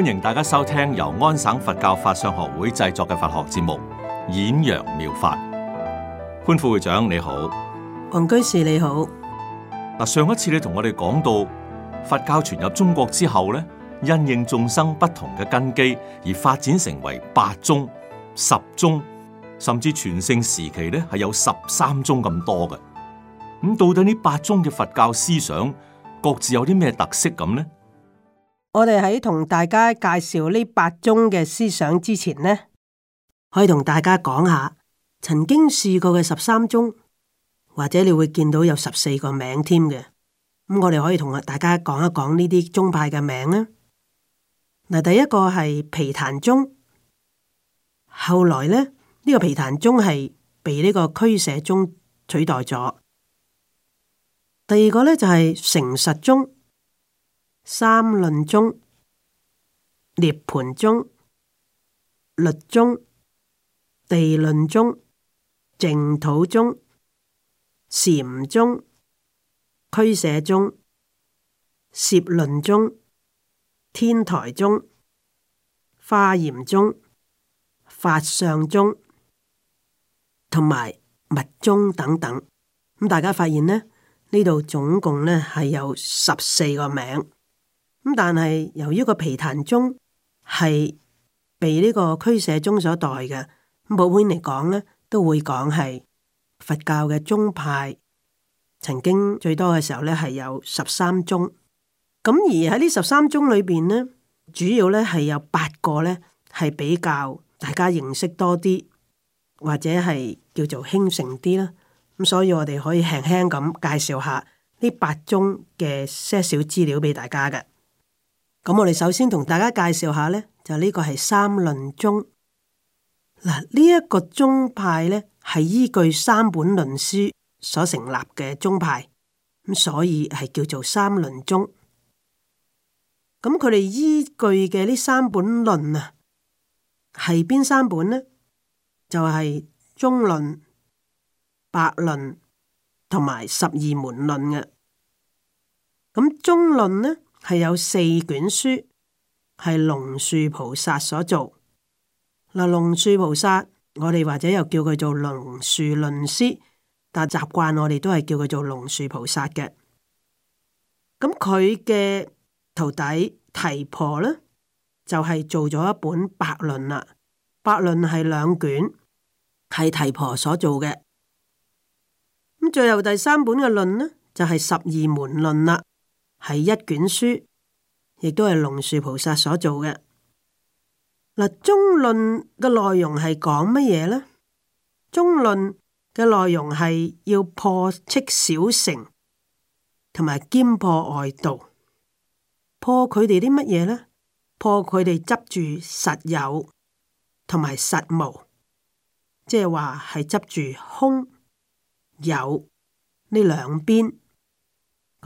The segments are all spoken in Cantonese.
歡迎大家收聽由安省佛教法相學會製作嘅佛學節目《演揚妙，妙法》。潘副會長你好，黃居士你好。嗱，上一次你同我哋講到佛教傳入中國之後咧，因應眾生不同嘅根基而發展成為八宗、十宗，甚至全盛時期咧係有十三宗咁多嘅。咁到底呢八宗嘅佛教思想各自有啲咩特色咁呢？我哋喺同大家介紹呢八宗嘅思想之前呢，可以同大家講下曾經試過嘅十三宗，或者你會見到有十四個名添嘅。咁我哋可以同大家講一講呢啲宗派嘅名呢，嗱，第一個係毗曇宗，後來呢呢、呢個毗曇宗係被呢個俱舍宗取代咗。第二個呢就，就係成實宗。三論宗、涅盤宗、律宗、地論宗、淨土宗、禪宗、俱舍宗、攝論宗、天台宗、華嚴宗、法相宗同埋密宗等等。咁、嗯、大家發現呢，呢度總共呢係有十四個名。咁但係由於個毗曇宗係被呢個俱舍宗所代嘅，普遍嚟講咧都會講係佛教嘅宗派，曾經最多嘅時候咧係有十三宗。咁而喺呢十三宗裏邊咧，主要咧係有八個咧係比較大家認識多啲，或者係叫做興盛啲啦，咁所以我哋可以輕輕咁介紹下呢八宗嘅些少資料俾大家嘅。咁我哋首先同大家介紹下呢就呢個係三論宗。嗱，呢一個宗派呢係依據三本論書所成立嘅宗派，咁所以係叫做三論宗。咁佢哋依據嘅呢三本論啊，係邊三本呢？就係中論、百論同埋十二門論嘅。咁中論呢？係有四卷書，係龍樹菩薩所做。嗱，龍樹菩薩，我哋或者又叫佢做龍樹論師，但係習慣我哋都係叫佢做龍樹菩薩嘅。咁佢嘅徒弟提婆呢，就係做咗一本《百論》啦。《百論》係兩卷，係提婆所做嘅。咁最後第三本嘅論呢，就係十二門論啦。係一卷書，亦都係龍樹菩薩所做嘅。嗱，中論嘅內容係講乜嘢呢？中論嘅內容係要破斥小乘，同埋兼破外道。破佢哋啲乜嘢呢？破佢哋執住實有同埋實無，即係話係執住空有呢兩邊。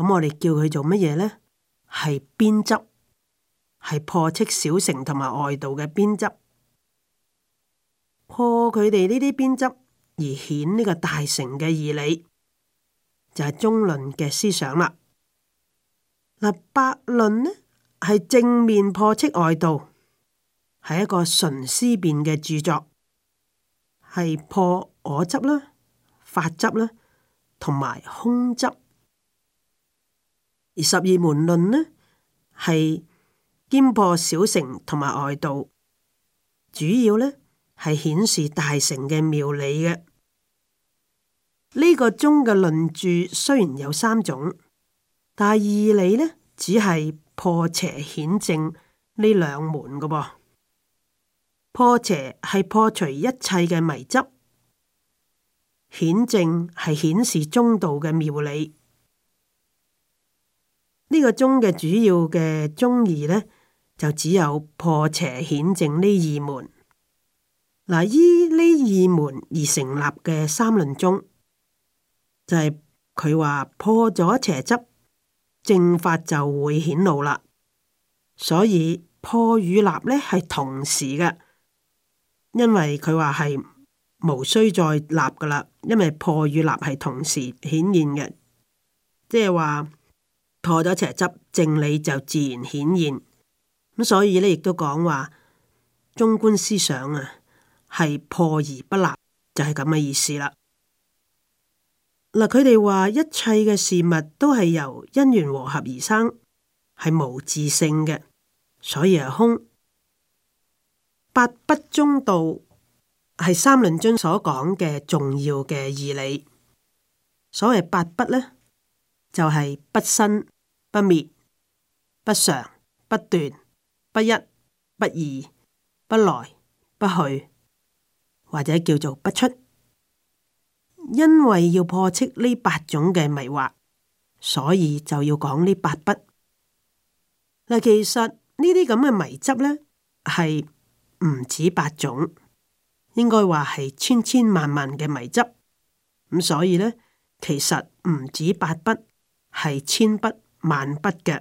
咁我哋叫佢做乜嘢呢？係偏執，係破斥小乘同埋外道嘅偏執，破佢哋呢啲偏執而顯呢個大乘嘅義理，就係中論嘅思想啦。嗱，百論呢，係正面破斥外道，係一個純思辨嘅著作，係破我執啦、法執啦同埋空執。而十二門論呢，係兼破小乘同埋外道，主要呢係顯示大乘嘅妙理嘅。呢、這個宗嘅論著雖然有三種，但係二理呢，只係破邪顯正呢兩門嘅噃。破邪係破除一切嘅迷執，顯正係顯示中道嘅妙理。呢個宗嘅主要嘅宗義呢，就只有破邪顯正呢二門。嗱，依呢二門而成立嘅三論宗，就係佢話破咗邪執，正法就會顯露啦。所以破與立呢係同時嘅，因為佢話係無需再立噶啦，因為破與立係同時顯現嘅，即係話。破咗邪執，正理就自然顯現。咁所以呢，亦都講話中觀思想啊，係破而不立，就係咁嘅意思啦。嗱，佢哋話一切嘅事物都係由因緣和合而生，係無自性嘅，所以係空。八不中道係三論宗所講嘅重要嘅義理。所謂八不呢，就係不生。不滅、不常、不斷、不一、不異、不來、不去，或者叫做不出。因為要破斥呢八種嘅迷惑，所以就要講呢八不嗱。其實呢啲咁嘅迷執呢，係唔止八種，應該話係千千萬萬嘅迷執咁。所以呢，其實唔止八不，係千不。慢不腳，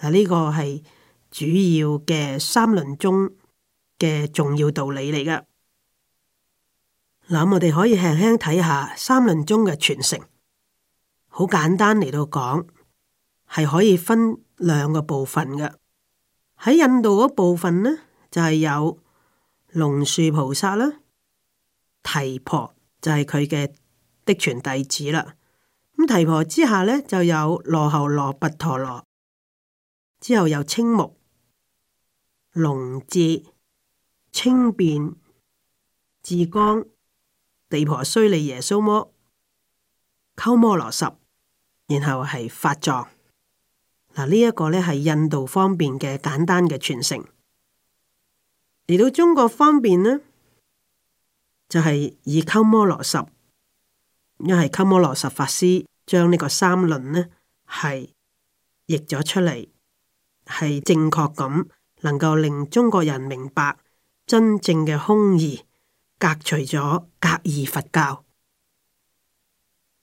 啊！呢個係主要嘅三論宗嘅重要道理嚟㗎。嗱，我哋可以輕輕睇下三論宗嘅傳承，好簡單嚟到講，係可以分兩個部分嘅。喺印度嗰部分呢，就係、是、有龍樹菩薩啦，提婆就係佢嘅的傳弟子啦。咁提婆之下呢，就有羅喉羅、拔陀羅，之後有青木、龍智、清辯、智光、地婆須利耶、耶蘇摩、鳩摩羅什，然後係法藏。嗱，呢一個呢係印度方面嘅簡單嘅傳承。嚟到中國方面呢，就係以鳩摩羅什，因係鳩摩羅什法師，將呢個三論呢係譯咗出嚟，係正確咁能夠令中國人明白真正嘅空義，隔除咗格義佛教。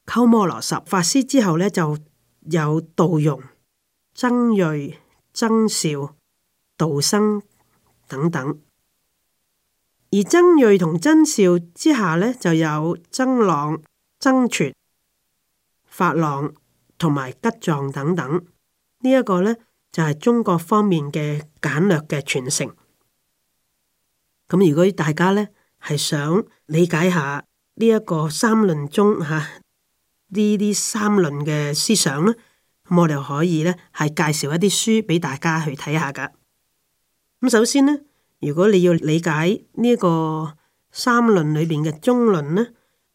鳩摩羅什法師之後呢，就有道融、僧叡、僧肇、道生等等。而僧叡同僧肇之下呢，就有僧朗、僧詮。法朗同埋吉藏等等，呢、這、一個呢就係、是、中國方面嘅簡略嘅傳承。咁如果大家呢係想理解下呢一個三論宗嚇呢啲三論嘅思想呢，咁我哋可以呢係介紹一啲書俾大家去睇下噶。咁首先呢，如果你要理解呢一個三論裏邊嘅中論呢，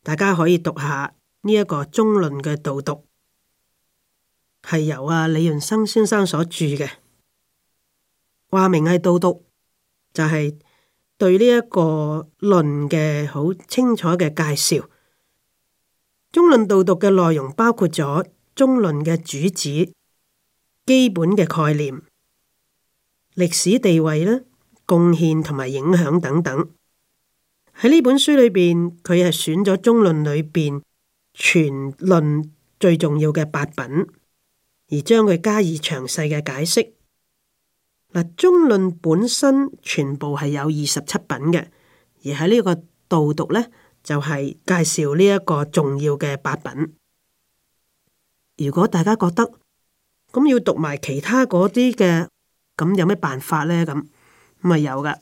大家可以讀下。呢一個中論嘅導讀係由啊李潤生先生所著嘅，話明係導讀，就係、是、對呢一個論嘅好清楚嘅介紹。中論導讀嘅內容包括咗中論嘅主旨、基本嘅概念、歷史地位啦、貢獻同埋影響等等。喺呢本書裏邊，佢係選咗中論裏邊。全論最重要嘅八品，而將佢加以詳細嘅解釋。嗱，中論本身全部係有二十七品嘅，而喺呢個導讀呢，就係、是、介紹呢一個重要嘅八品。如果大家覺得咁要讀埋其他嗰啲嘅，咁有咩辦法呢？咁咁啊有噶，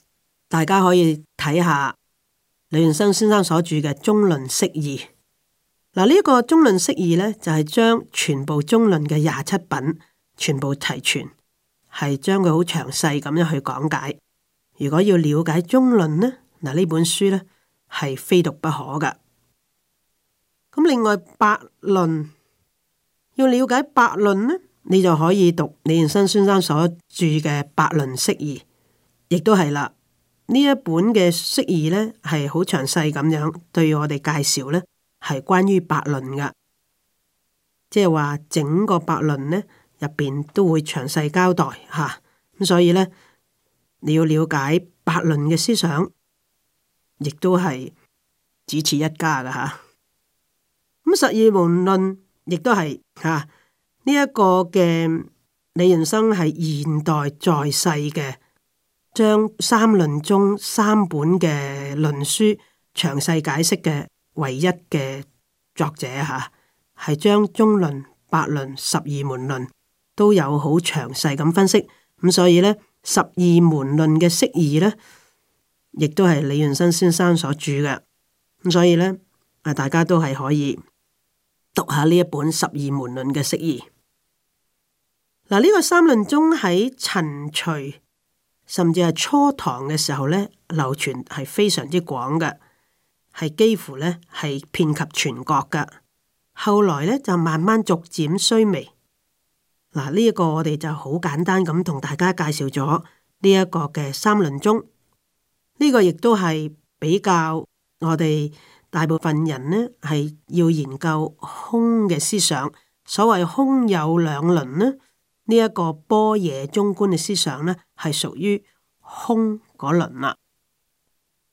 大家可以睇下李元生先生所著嘅《中論釋義》。嗱，呢一個中論釋義呢，就係、是、將全部中論嘅廿七品全部提全，係將佢好詳細咁樣去講解。如果要了解中論呢，嗱呢本書呢，係非讀不可噶。咁另外百論，要了解百論呢，你就可以讀李元生先生所著嘅《百論釋義》，亦都係啦。呢一本嘅釋義呢，係好詳細咁樣對我哋介紹呢。係關於百論嘅，即係話整個百論呢入邊都會詳細交代吓，咁、啊、所以呢，你要了解百論嘅思想，亦都係只此一家噶吓。咁、啊，《十二門論》亦都係吓呢一個嘅你人生係現代在世嘅，將三論中三本嘅論書詳細解釋嘅。唯一嘅作者吓，係、啊、將中論、百論、十二門論都有好詳細咁分析，咁、嗯、所以呢，十二門論嘅釋義呢，亦都係李潤生先生所著嘅，咁、嗯、所以呢，啊，大家都係可以讀下呢一本十二門論嘅釋義。嗱、啊，呢、這個三論宗喺陳隋甚至係初唐嘅時候呢，流傳係非常之廣嘅。係幾乎咧係遍及全國噶，後來呢，就慢慢逐漸衰微。嗱，呢一個我哋就好簡單咁同大家介紹咗呢一個嘅三論宗。呢、這個亦都係比較我哋大部分人呢，係要研究空嘅思想。所謂空有兩輪呢？呢、這、一個般若中觀嘅思想呢，係屬於空嗰輪啦。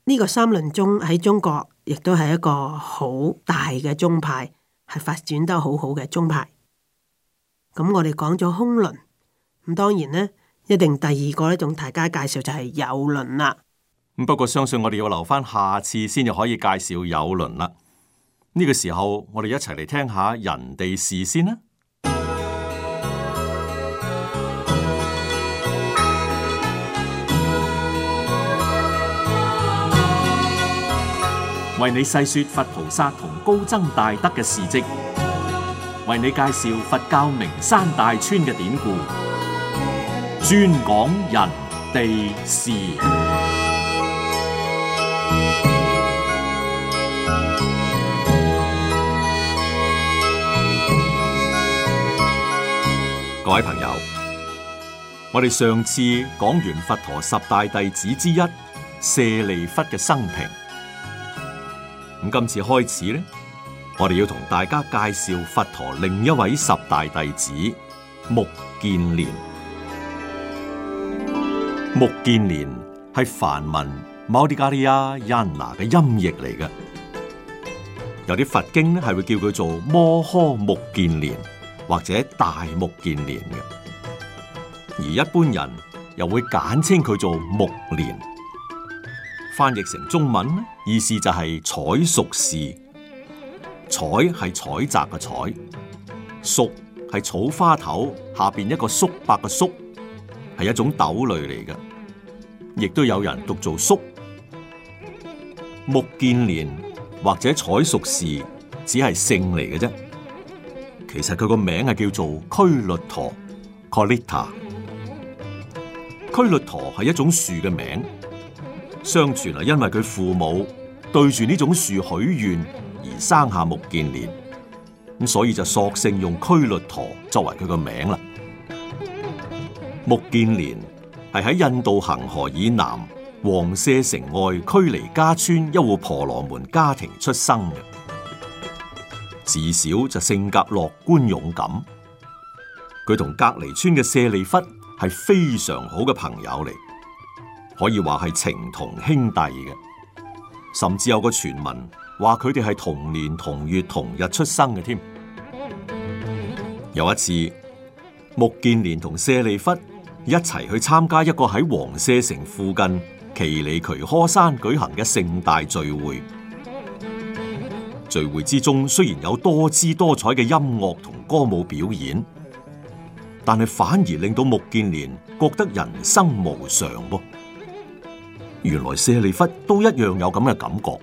呢、這個三論宗喺中國。亦都係一個好大嘅宗派，係發展得好好嘅宗派。咁、嗯、我哋講咗空輪，咁、嗯、當然呢，一定第二個呢，同大家介紹就係有輪啦。咁、嗯、不過相信我哋要留翻下，下次先至可以介紹有輪啦。呢、這個時候，我哋一齊嚟聽下人哋事先啦。為你細說佛菩薩同高僧大德嘅事跡，為你介紹佛教名山大川嘅典故，專講人地事。士各位朋友，我哋上次講完佛陀十大弟子之一舍利弗嘅生平。今次開始咧，我哋要同大家介紹佛陀另一位十大弟子目犍連。目犍連係梵文摩迪加利亞因拿嘅音譯嚟嘅，有啲佛經咧係會叫佢做摩訶目犍連或者大目犍連嘅，而一般人又會簡稱佢做目連。翻譯成中文意思就係採菽氏，採係採摘嘅採，菽係草花頭下邊一個叔伯嘅叔，係一種豆類嚟嘅，亦都有人讀做菽。目犍連或者採菽氏，只係姓嚟嘅啫。其實佢個名係叫做驅律陀 （colita），驅律陀係一種樹嘅名。相傳係因為佢父母對住呢種樹許願而生下目犍連，咁所以就索性用拘律陀作為佢個名啦。目犍連係喺印度恒河以南王舍城外拘離加村一戶婆羅門家庭出生嘅，自小就性格樂觀勇敢。佢同隔籬村嘅舍利弗係非常好嘅朋友嚟。可以話係情同兄弟嘅，甚至有個傳聞話佢哋係同年同月同日出生嘅添。有一次，目犍連同舍利弗一齊去參加一個喺王舍城附近奇里渠柯山舉行嘅盛大聚會。聚會之中雖然有多姿多彩嘅音樂同歌舞表演，但係反而令到目犍連覺得人生無常噃。原來舍利弗都一樣有咁嘅感覺，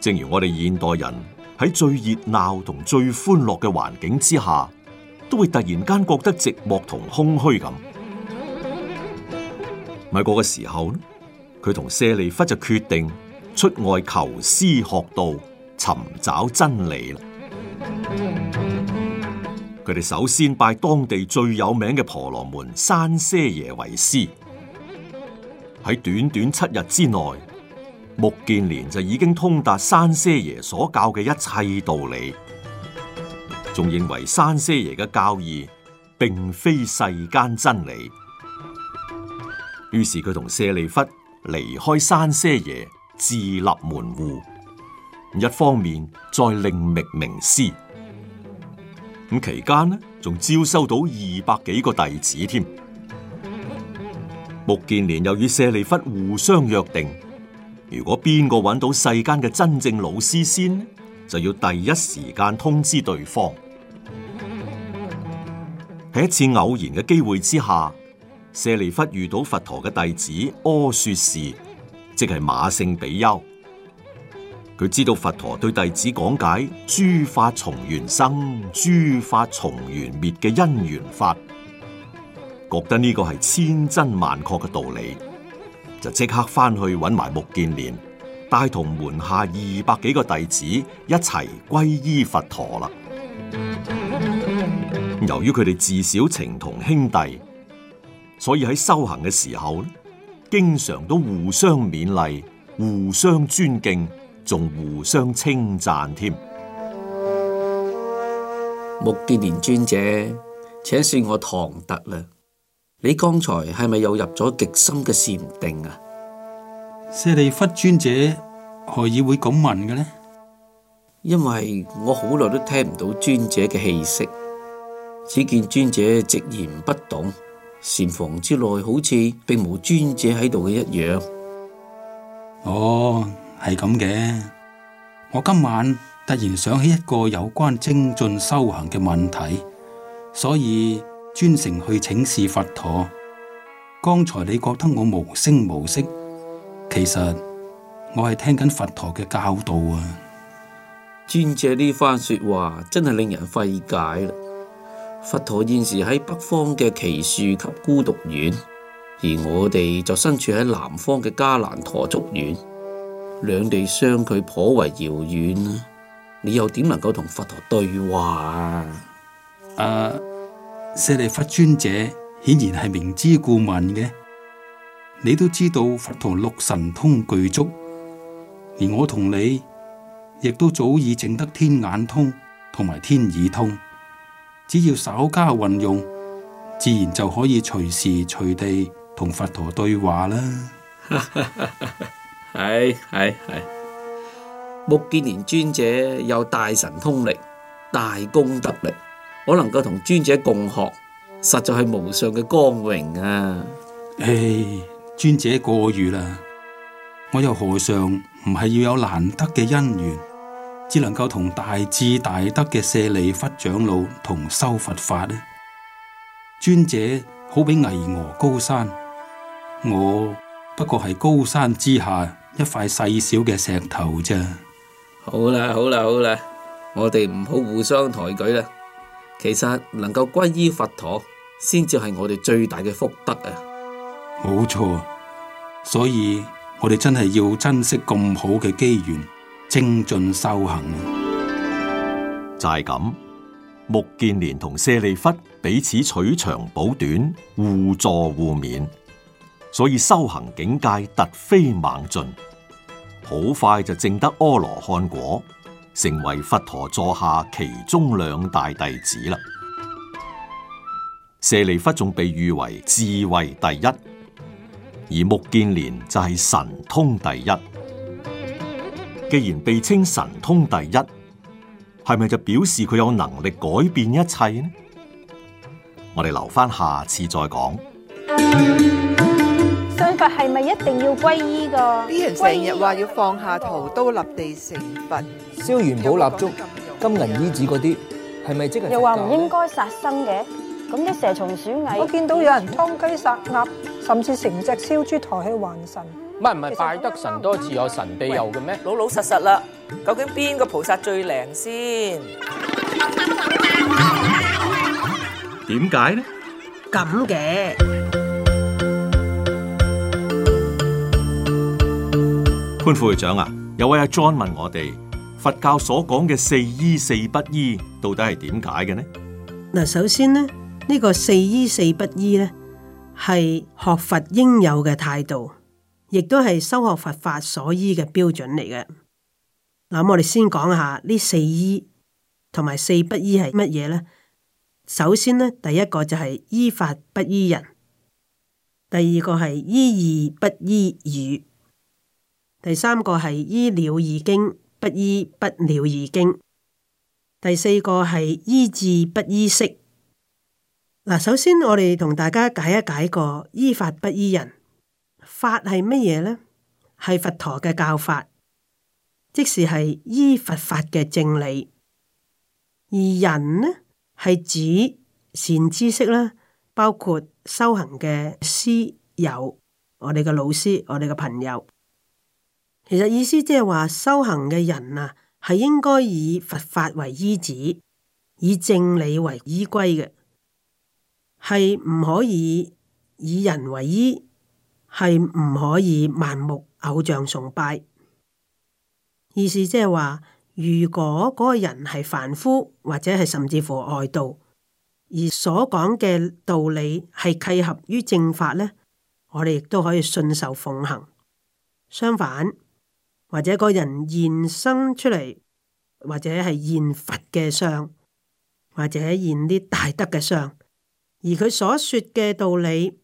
正如我哋現代人喺最熱鬧同最歡樂嘅環境之下，都會突然間覺得寂寞同空虛咁。喺嗰個嘅時候，佢同舍利弗就決定出外求師學道，尋找真理。佢哋首先拜當地最有名嘅婆羅門山些耶為師。喺短短七日之內，目犍連就已經通達山些爺所教嘅一切道理，仲認為山些爺嘅教義並非世間真理。於是佢同舍利弗離開山些爺，自立門戶。一方面再另覓名師，咁期間呢，仲招收到二百幾個弟子添。目犍連又與舍利弗互相約定，如果邊個揾到世間嘅真正老師先，就要第一時間通知對方。喺一次偶然嘅機會之下，舍利弗遇到佛陀嘅弟子阿說示，即係馬勝比丘。佢知道佛陀對弟子講解諸法從緣生、諸法從緣滅嘅因緣法。覺得呢個係千真萬確嘅道理，就即刻翻去揾埋目犍連，帶同門下二百幾個弟子一齊皈依佛陀啦。由於佢哋自小情同兄弟，所以喺修行嘅時候，經常都互相勉勵、互相尊敬，仲互相稱讚添。目犍連尊者，請恕我唐突啦。你剛才係咪又入咗極深嘅禪定啊？舍利弗尊者，何以會咁問嘅呢？因為我好耐都聽唔到尊者嘅氣息，只見尊者寂然不動，禪房之內好似並冇尊者喺度嘅一樣。哦，係咁嘅。我今晚突然想起一個有關精進修行嘅問題，所以。專程去請示佛陀。剛才你覺得我無聲無息，其實我係聽緊佛陀嘅教導啊！尊者呢番說話真係令人費解啦！佛陀現時喺北方嘅祇樹給孤獨園，而我哋就身處喺南方嘅迦蘭陀竹園，兩地相距頗為遙遠啊！你又點能夠同佛陀對話啊？Uh 舍利弗尊者顯然係明知故問嘅，你都知道佛陀六神通具足，而我同你亦都早已證得天眼通同埋天耳通，只要稍加運用，自然就可以隨時隨地同佛陀對話啦。係係係，目犍連尊者有大神通力，大功德力。我能夠同尊者共學，實在係無上嘅光榮啊！唉，hey, 尊者過譽啦。我又何嘗，唔係要有難得嘅因緣，只能夠同大智大德嘅舍利弗長老同修佛法呢。尊者好比巍峨高山，我不過係高山之下一塊細小嘅石頭啫。好啦，好啦，好啦，我哋唔好互相抬舉啦。其實能夠皈依佛陀，先至係我哋最大嘅福德啊！冇錯，所以我哋真係要珍惜咁好嘅機緣，精進修行。就係咁，目犍連同舍利弗彼此取長補短，互勵互勉，所以修行境界突飛猛進，好快就證得阿羅漢果。成為佛陀座下其中兩大弟子啦。舍利弗仲被譽為智慧第一，而目犍連就係神通第一。既然被稱神通第一，係咪就表示佢有能力改變一切呢？我哋留翻下，下次再講。係咪一定要皈依噶？啲人成日話要放下屠刀立地成佛，燒元寶蠟燭、金銀衣紙嗰啲，係咪即係？又話唔應該殺生嘅，咁啲蛇蟲鼠蟻，我見到有人劏雞殺鴨，甚至成隻燒豬抬去還神。唔係唔係，拜得神多自有神庇佑嘅咩？老老實實啦，究竟邊個菩薩最靈先？點解呢？咁嘅。潘副會長啊，有位阿 John 問我哋佛教所講嘅四依四不依到底係點解嘅呢？嗱，首先呢，呢、呢個四依四不依呢係學佛應有嘅態度，亦都係修學佛法所依嘅標準嚟嘅。嗱，我哋先講下呢四依同埋四不依係乜嘢呢？首先呢，第一個就係依法不依人，第二個係依義不依語。第三個係依了義經，不依不了義經；第四個係依智不依識。嗱，首先我哋同大家解一解個依法不依人。法係乜嘢呢？係佛陀嘅教法，即是係依佛法嘅正理。而人呢係指善知識啦，包括修行嘅師友，我哋嘅老師，我哋嘅朋友。其實意思即係話修行嘅人啊，係應該以佛法為依止，以正理為依歸嘅，係唔可以以人為依，係唔可以盲目偶像崇拜。意思即係話，如果嗰個人係凡夫，或者係甚至乎外道，而所講嘅道理係契合於正法呢，我哋亦都可以信受奉行。相反，或者個人現生出嚟，或者係現佛嘅相，或者現啲大德嘅相，而佢所說嘅道理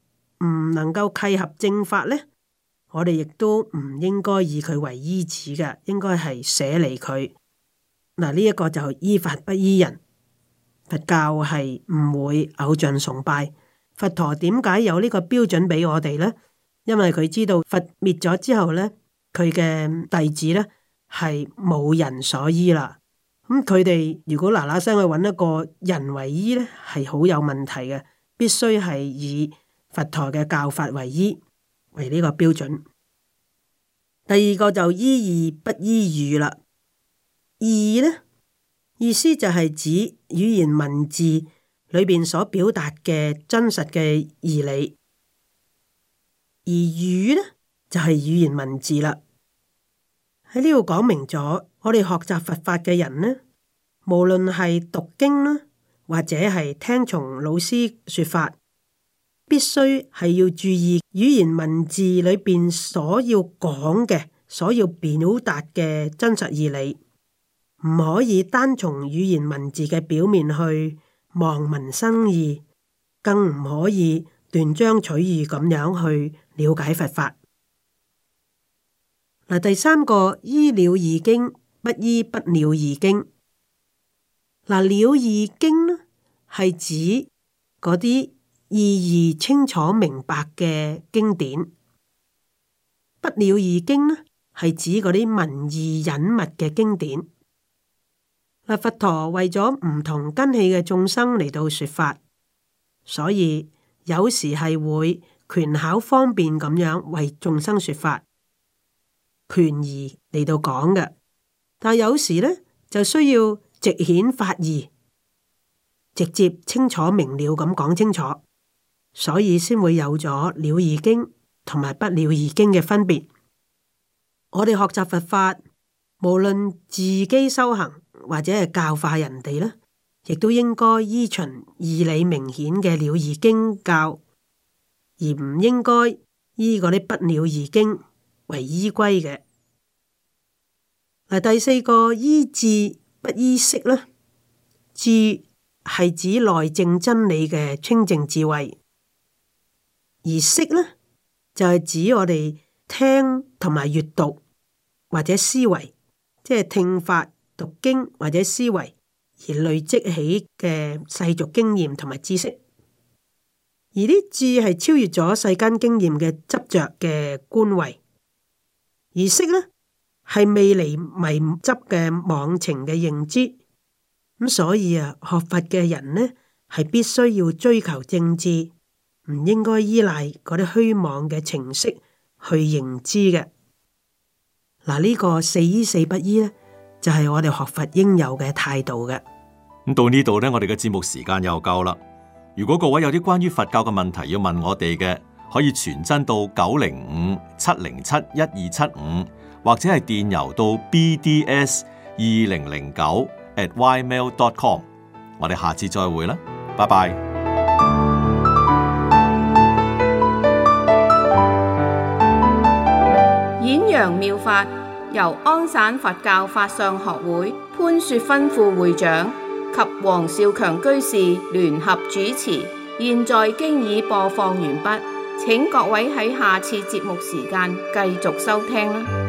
唔能夠契合正法呢，我哋亦都唔應該以佢為依止噶，應該係捨離佢。嗱，呢一個就係依法不依人，佛教係唔會偶像崇拜。佛陀點解有呢個標準俾我哋呢？因為佢知道佛滅咗之後呢，佢嘅弟子呢，係冇人所依啦，咁佢哋如果嗱嗱聲去揾一個人為依呢，係好有問題嘅，必須係以佛陀嘅教法為依為呢個標準。第二個就依義不依語啦，義呢意思就係指語言文字裏邊所表達嘅真實嘅義理，而語呢。就係語言文字啦，喺呢度講明咗，我哋學習佛法嘅人呢，無論係讀經啦，或者係聽從老師說法，必須係要注意語言文字裏邊所要講嘅、所要表達嘅真實義理，唔可以單從語言文字嘅表面去望文生義，更唔可以斷章取義咁樣去了解佛法。嗱，第三個，依了義經，不依不了義經。嗱，了義經呢係指嗰啲意義清楚明白嘅經典，不了義經呢係指嗰啲文意隱密嘅經典。嗱，佛陀為咗唔同根器嘅眾生嚟到説法，所以有時係會權巧方便咁樣為眾生説法。權宜嚟到講嘅，但有時呢就需要直顯法義，直接清楚明了咁講清楚，所以先會有咗了，了義經同埋不了義經嘅分別。我哋學習佛法，無論自己修行或者係教化人哋咧，亦都應該依循義理明顯嘅了義經教，而唔應該依嗰啲不了義經。為依歸嘅第四個依智不依識呢，智係指內證真理嘅清淨智慧，而識呢，就係、是、指我哋聽同埋閱讀或者思維，即係聽法、讀經或者思維而累積起嘅世俗經驗同埋知識。而啲智係超越咗世間經驗嘅執着嘅觀慧。而識呢，係未離迷執嘅妄情嘅認知，咁所以啊學佛嘅人呢，係必須要追求正智，唔應該依賴嗰啲虛妄嘅情識去認知嘅。嗱、啊、呢、這個四依四不依呢，就係、是、我哋學佛應有嘅態度嘅。咁到呢度呢，我哋嘅節目時間又夠啦。如果各位有啲關於佛教嘅問題要問我哋嘅。可以傳真到九零五七零七一二七五，75, 或者係電郵到 bds 二零零九 at ymail dot com。我哋下次再會啦，拜拜。演揚妙法由安省佛教法相學會潘雪芬副會長及黃少強居士聯合主持，現在經已播放完畢。請各位喺下次節目時間繼續收聽。